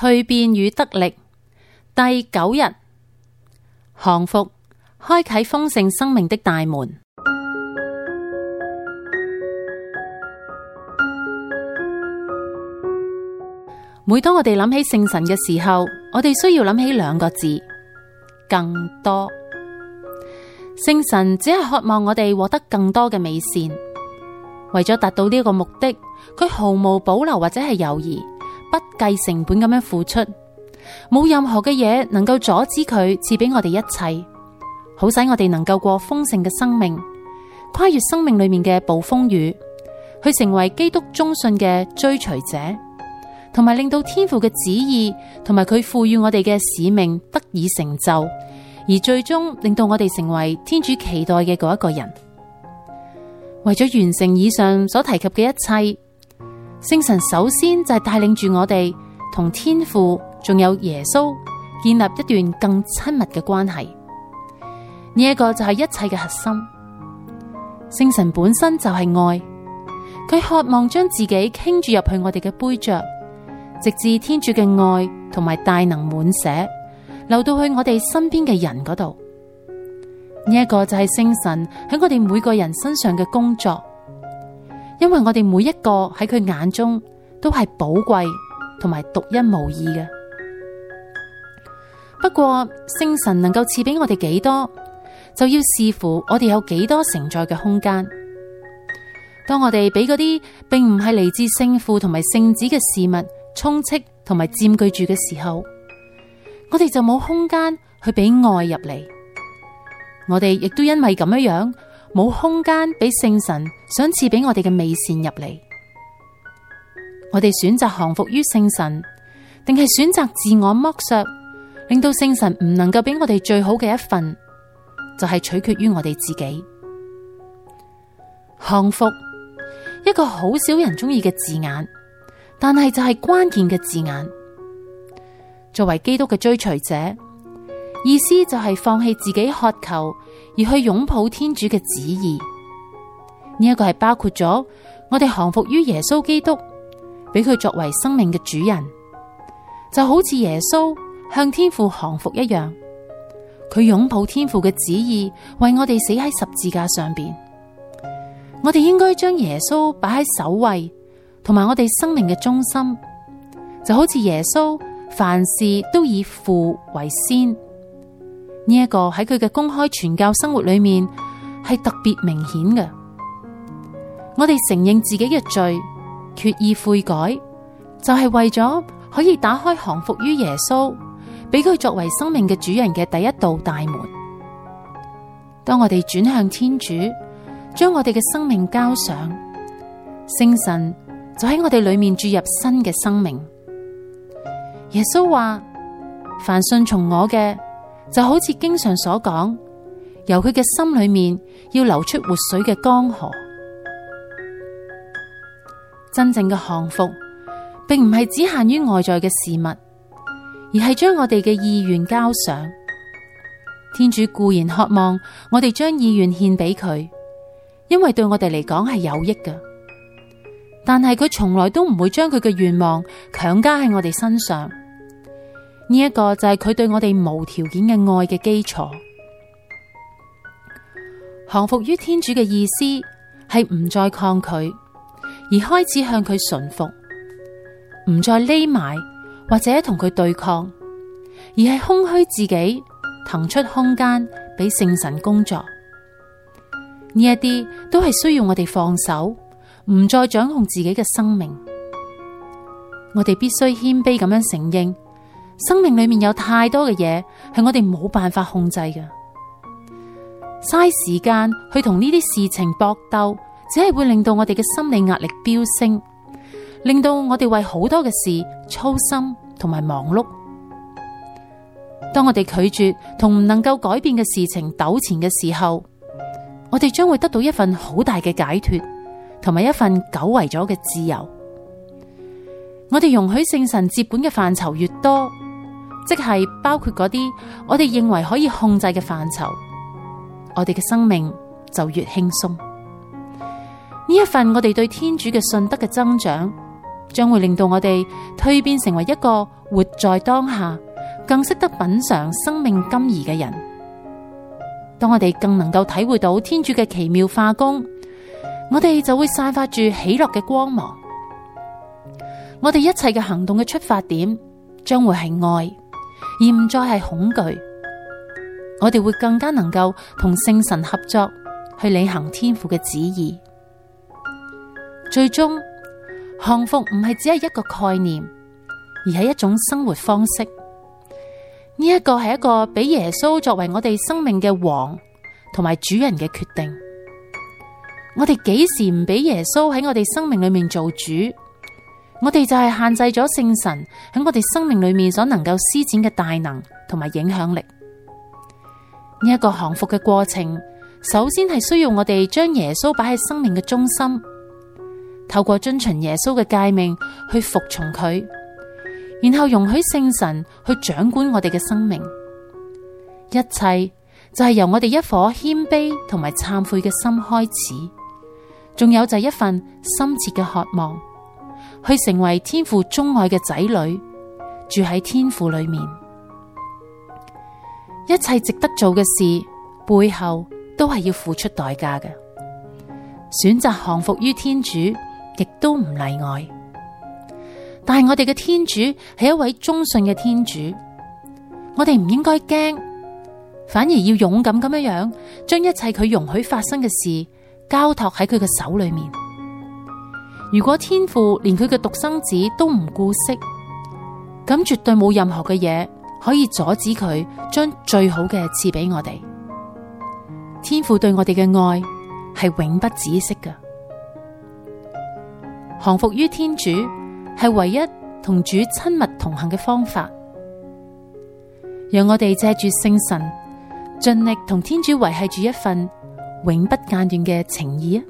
蛻變與得力，第九日降服，開啟豐盛生命的大門。每當我哋諗起聖神嘅時候，我哋需要諗起兩個字：更多。聖神只係渴望我哋獲得更多嘅美善。為咗達到呢個目的，佢毫無保留或者係猶疑。不計成本咁樣付出，冇任何嘅嘢能夠阻止佢賜俾我哋一切，好使我哋能夠過豐盛嘅生命，跨越生命裏面嘅暴風雨，去成為基督忠信嘅追隨者，同埋令到天父嘅旨意同埋佢賦予我哋嘅使命得以成就，而最終令到我哋成為天主期待嘅嗰一個人。為咗完成以上所提及嘅一切。聖神首先就係帶領住我哋同天父，仲有耶穌建立一段更親密嘅關係。呢一個就係一切嘅核心。聖神本身就係愛，佢渴望將自己傾注入去我哋嘅杯爵，直至天主嘅愛同埋大能滿瀉，流到去我哋身邊嘅人嗰度。呢一個就係聖神喺我哋每個人身上嘅工作。因為我哋每一個喺佢眼中都係寶貴同埋獨一無二嘅。不過聖神能夠賜俾我哋幾多，就要視乎我哋有幾多承載嘅空間。當我哋俾嗰啲並唔係嚟自聖父同埋聖子嘅事物充斥同埋佔據住嘅時候，我哋就冇空間去俾愛入嚟。我哋亦都因為咁樣樣。冇空間俾聖神想賜俾我哋嘅美善入嚟，我哋選擇降服於聖神，定係選擇自我剝削，令到聖神唔能夠俾我哋最好嘅一份，就係取決於我哋自己。降服，一個好少人中意嘅字眼，但係就係關鍵嘅字眼。作為基督嘅追隨者，意思就係放棄自己渴求。而去擁抱天主嘅旨意，呢一個係包括咗我哋降服於耶穌基督，俾佢作為生命嘅主人，就好似耶穌向天父降服一樣，佢擁抱天父嘅旨意，為我哋死喺十字架上邊。我哋應該將耶穌擺喺首位，同埋我哋生命嘅中心，就好似耶穌凡事都以父為先。呢一個喺佢嘅公開傳教生活裏面係特別明顯嘅。我哋承認自己嘅罪，決意悔改，就係、是、為咗可以打開降服於耶穌，俾佢作為生命嘅主人嘅第一道大門。當我哋轉向天主，將我哋嘅生命交上，聖神就喺我哋裏面注入新嘅生命。耶穌話：凡信從我嘅，就好似經常所講，由佢嘅心裏面要流出活水嘅江河。真正嘅降服，並唔係只限於外在嘅事物，而係將我哋嘅意願交上。天主固然渴望我哋將意願獻俾佢，因為對我哋嚟講係有益嘅。但係佢從來都唔會將佢嘅願望強加喺我哋身上。呢一個就係佢對我哋無條件嘅愛嘅基礎，降服於天主嘅意思係唔再抗拒，而開始向佢順服，唔再匿埋或者同佢對抗，而係空虛自己，騰出空間俾聖神工作。呢一啲都係需要我哋放手，唔再掌控自己嘅生命。我哋必須謙卑咁樣承認。生命裏面有太多嘅嘢係我哋冇辦法控制嘅，嘥時間去同呢啲事情搏鬥，只係會令到我哋嘅心理壓力飆升，令到我哋為好多嘅事操心同埋忙碌。當我哋拒絕同唔能夠改變嘅事情糾纏嘅時候，我哋將會得到一份好大嘅解脫，同埋一份久違咗嘅自由。我哋容許聖神接管嘅範疇越多。即係包括嗰啲我哋認為可以控制嘅範疇，我哋嘅生命就越輕鬆。呢一份我哋對天主嘅信德嘅增長，將會令到我哋蛻變成為一個活在當下、更識得品嘗生命甘飴嘅人。當我哋更能夠體會到天主嘅奇妙化工，我哋就會散發住喜樂嘅光芒。我哋一切嘅行動嘅出發點，將會係愛，而唔再係恐懼，我哋會更加能夠同聖神合作，去履行天父嘅旨意。最終，降服唔係只係一個概念，而係一種生活方式。呢、這個、一個係一個俾耶穌作為我哋生命嘅王同埋主人嘅決定。我哋幾時唔俾耶穌喺我哋生命裏面做主，我哋就係限制咗聖神喺我哋生命裏面所能夠施展嘅大能同埋影響力。呢、這、一個降服嘅過程，首先係需要我哋將耶穌擺喺生命嘅中心，透過遵循耶穌嘅誡命去服從佢，然後容許聖神去掌管我哋嘅生命。一切就係由我哋一顆謙卑同埋懺悔嘅心開始，仲有就係一份深切嘅渴望。去成為天父鐘愛嘅仔女，住喺天父裏面，一切值得做嘅事背後都係要付出代價嘅。選擇降服於天主，亦都唔例外。但係我哋嘅天主係一位忠信嘅天主，我哋唔應該驚，反而要勇敢咁樣樣，將一切佢容許發生嘅事交託喺佢嘅手裏面。如果天父連佢嘅獨生子都唔顧惜，咁絕對冇任何嘅嘢可以阻止佢將最好嘅賜俾我哋。天父對我哋嘅愛係永不止息噶。降服於天主係唯一同主親密同行嘅方法。讓我哋借住聖神，盡力同天主維繫住一份永不間斷嘅情誼啊！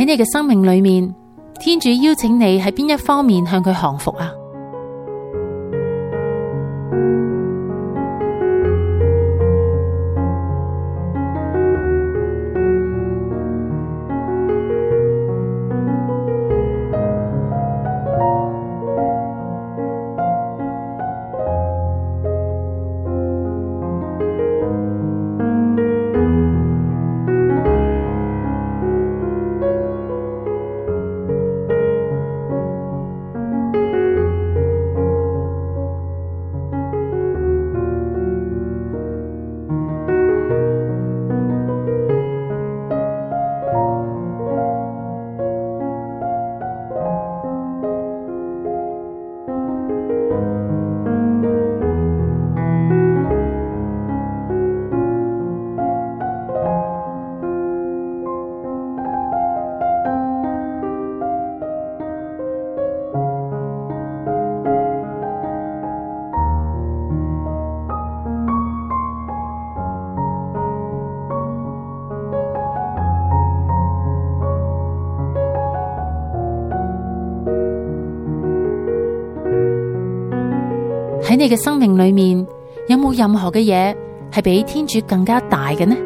喺你嘅生命裏面，天主邀請你喺邊一方面向佢降服啊？喺你嘅生命裏面，有冇任何嘅嘢係比天主更加大嘅呢？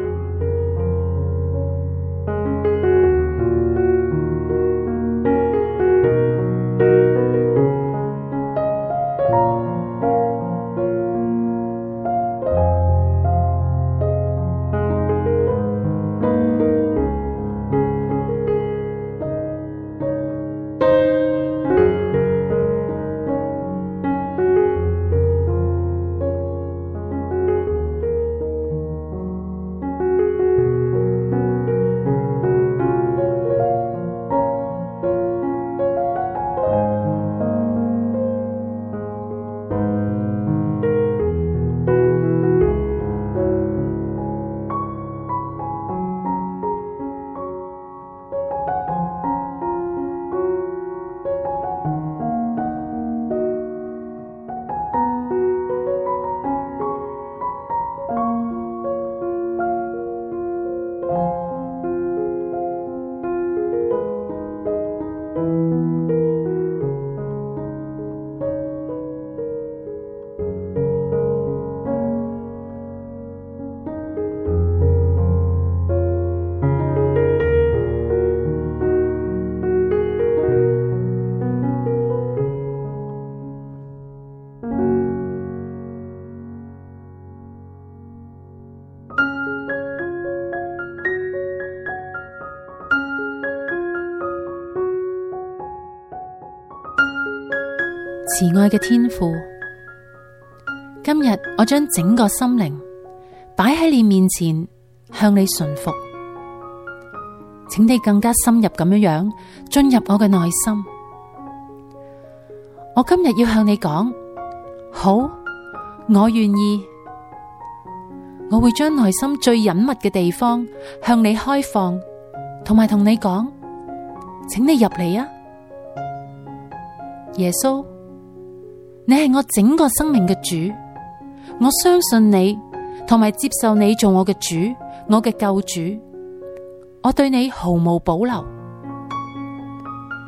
慈愛嘅天父，今日我將整個心靈擺喺你面前，向你順服，請你更加深入咁樣樣進入我嘅內心。我今日要向你講，好，我願意，我會將內心最隱密嘅地方向你開放，同埋同你講，請你入嚟啊，耶穌，你係我整個生命嘅主，我相信你，同埋接受你做我嘅主，我嘅救主，我對你毫無保留。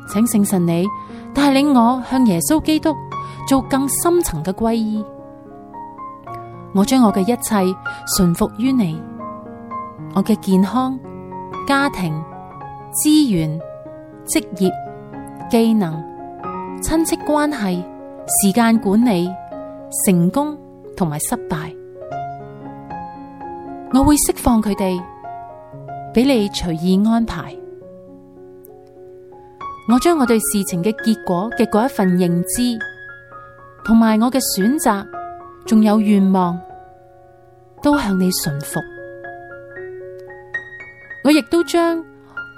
請聖神你帶領我向耶穌基督做更深層嘅皈依，我將我嘅一切順服於你，我嘅健康、家庭、資源、職業、技能、親戚關係。時間管理、成功同埋失敗，我會釋放佢哋俾你隨意安排。我將我對事情嘅結果嘅嗰一份認知，同埋我嘅選擇，仲有願望，都向你順服。我亦都將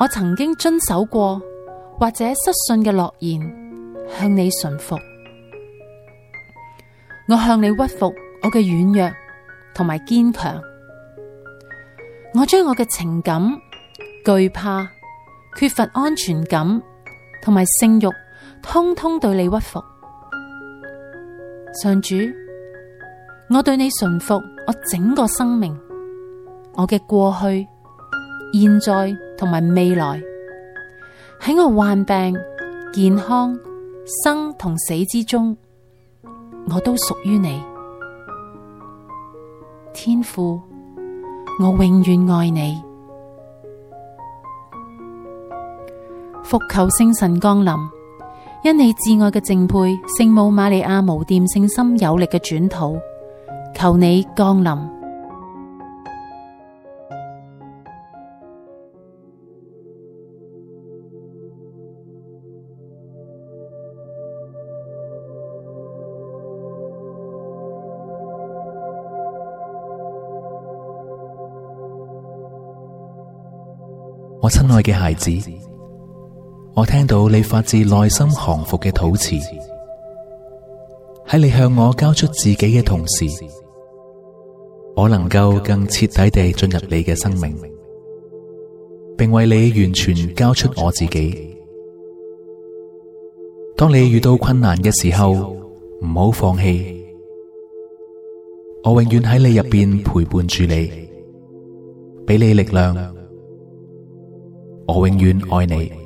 我曾經遵守過或者失信嘅諾言，向你順服。我向你屈服，我嘅軟弱同埋堅強，我將我嘅情感、懼怕、缺乏安全感同埋性慾，通通對你屈服。上主，我對你順服，我整個生命，我嘅過去、現在同埋未來，喺我患病、健康、生同死之中。我都屬於你，天父，我永遠愛你。伏求聖神降臨，因你至愛嘅淨配，聖母瑪利亞無玷聖心有力嘅轉禱，求你降臨。親愛嘅孩子，我聽到你發自內心降服嘅禱詞，喺你向我交出自己嘅同時，我能夠更徹底地進入你嘅生命，並為你完全交出我自己。當你遇到困難嘅時候，唔好放棄，我永遠喺你入邊陪伴住你，俾你力量。我永遠愛祢。